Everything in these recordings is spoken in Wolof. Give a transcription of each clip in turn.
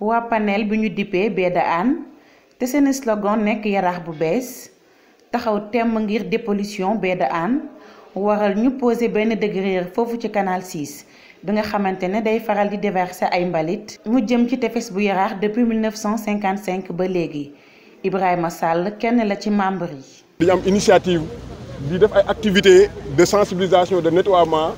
waa panel bi ñu dippee Baie Hann te seen slogan nekk yaraax bu bees taxaw temm ngir dépollution Baie Hann waral ñu posé benn degré foofu ci canal 6 bi nga xamante ne day faral di déverser ay mbalit mu jëm ci tefes bu yaraax depuis 1955 ba léegi Ibrahima Sall kenn la ci membre yi. dañu am initiative di def ay activités de sensibilisation de nettoiement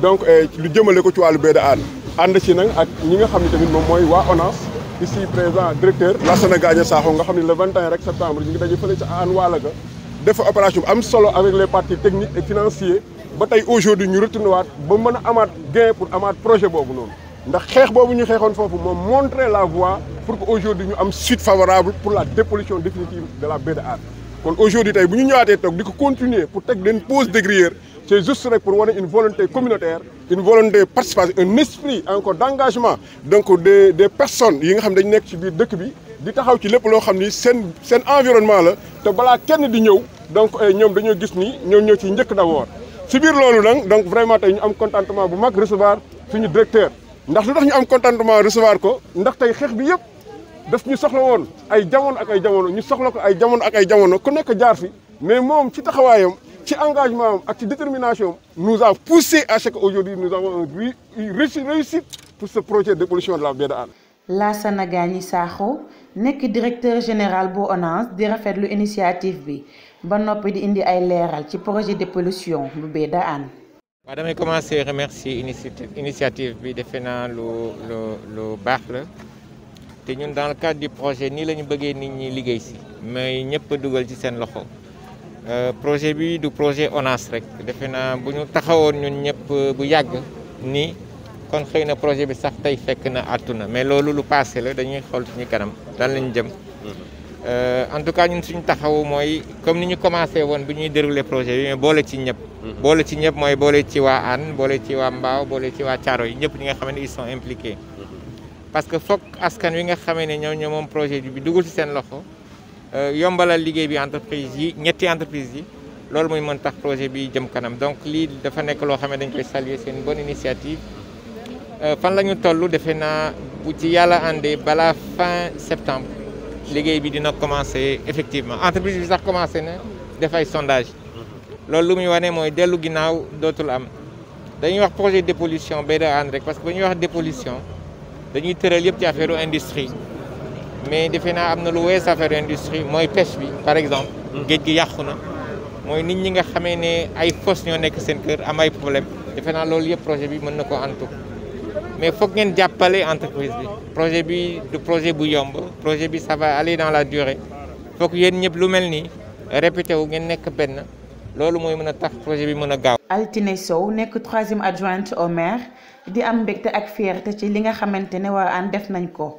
donc eh, lu jëmale ko ci wàllu Baie Hann ànd ci nag ak ñi nga xam ne tamit moom mooy waa ONAS ici présent directeur le 21 septembre ñu ngi fait opération am avec les partis techniques et financiers aujourd'hui ñu retourné gain pour projet Nous la voie pour que nous suite favorable pour la dépollution définitive de la BDA. aujourd'hui nous avons continué pour pause de gré. C'est juste pour voir une volonté communautaire, une volonté participative, un esprit encore d'engagement donc des, des personnes qui nek ci biir dëkk bi di taxaw ci lépp loo xam ni seen seen environnement la te balaa kenn di ñëw donc eh, ñoom dañoo gis ni ñoom ñoo ci njëkk d'abord si biir loolu nag donc vraiment tey ñu am contentement bu mag recevoir suñu directeur ndax lu tax ñu am contentement recevoir ko ndax tey xeex bi yëpp daf ñu soxla woon ay jamono ak ay jamono ñu soxla ko ay jamono ak ay jamono ku nekk jaar fi mais moom ci taxawaayam ci engagement et ak détermination nous ont poussé à ce qu'aujourd'hui nous avons une réussite pour ce projet de pollution de la baie d'Anne. Lassana Gagny Sakho directeur général bu ONAS di rafetlu initiative bi ba nopi di indi ay leral ci projet de pollution de Hann waaw damay commencer remercier initiative bi defena naa lu lu lu la ñun dans le cadre du projet ni ne ñu nit ñi liggéey ci mais ñëpp duggal ci sen loxo Eh, projet bi du projet onas rek defena buñu taxawon ñun ñepp bu yagg ni kon xeyna projet bi sax tay fekk na atuna mais lolu lu passé la dañuy xol ci kanam dal lañ jëm euh en tout cas ñun suñu taxaw moy comme niñu commencé won buñuy dérouler projet bi mais bolé ci ñep mhm. bolé ci ñep moy bolé ci wa an bolé ci wa mbaw bolé ci wa charo ñep ñi nga xamné ils sont impliqués mhm. parce que fokk askan wi nga xamné ñoo ñoom projet bi duggul ci seen loxo Euh, yombalal liguey bi entreprise yi ñetti entreprise yi loolu mooy mën tax projet bi jëm kanam donc li dafa nek lo xamé dañ koy saluer seen bonne initiative euh, fan lañu tollu défé na bu ci yàlla àndee balaa fin septembre liguey bi dina commencer effectivement entreprise bi sax commencé na def ay sondage loolu lu muy wone moy delu ginaaw dotul am dañuy wax projet dépollution bay da rek parce que bu ñuy wax dépollution dañuy tëral yëpp ci affaire industrie mais defe naa am na lu wees affaire industrie mooy pêche bi par exemple. Mm. géej gi yàqu na. moi nit ñi nga xamee ne ay fosse ñoo nekk seen kër am ay problème defe naa loolu yëpp projet bi mën na ko antu mais foog ngeen jàppale entreprise bi projet bi du projet bu yomb projet bi ça va aller dans la durée foog yéen ñëpp lu mel nii répété wu ngeen nekk ben loolu mooy moi a tax projet bi mën a gaaw. Altine Sow nekk troisième adjointe au maire di am mbégte ak fierté ci li nga xamante ne wa an def nañ ko.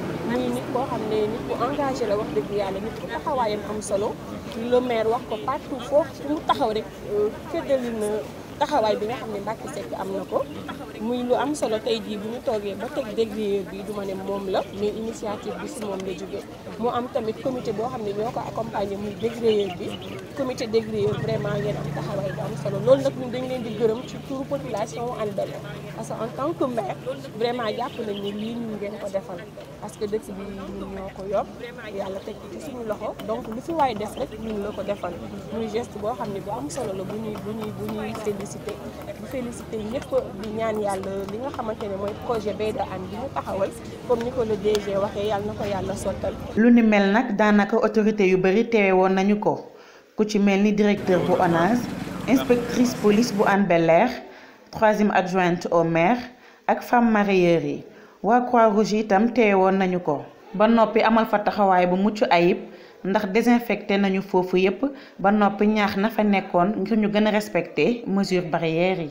muy nit boo xam ne nit bu engagé la wax dëgg yàlla nit bu taxawaayam am solo le maire wax ko partout foofu mu taxaw rek euh, feddali na taxawaay bi nga xam ne Mbacke Seck am na ko muy lu am solo tey jii bu ñu toogee ba teg dégré bi du ma ne moom la mais initiative bi si moom la jógee mu am tamit comité boo xam ne ñoo ko accompagner muy dégré bi comité dégré vraiment ngeen am taxawaay bu am solo loolu nag ñun dañ leen di gërëm ci turu population wu àndale parce que en tant que maire vraiment jàpp nañ ni lii ñu ngeen ko defal parce que dëkk bi ñun ñoo ko yor yàlla teg ci suñu loxo donc lu fi waay def rek ñun la ko defal muy geste boo xam ne bu am solo la bu ñuy bu ñuy bu ñuy félicité xamante ne mooy lu ni mel nag daanaka autorité yu bëri teewe woon nañu ko ku ci mel ni directeur bu ONAS inspectrice police bu Hann Bel-Air adjointe au maire ak femme mareyeur yi waa Croix-Rouge itam teewe woon nañu ko. ba noppi amal fa taxawaay bu mucc ayib. ndax désinfecté nañu foofu yépp ba noppi ñaax na fa nekkoon ngir ñu gën a respecter mesures barrières yi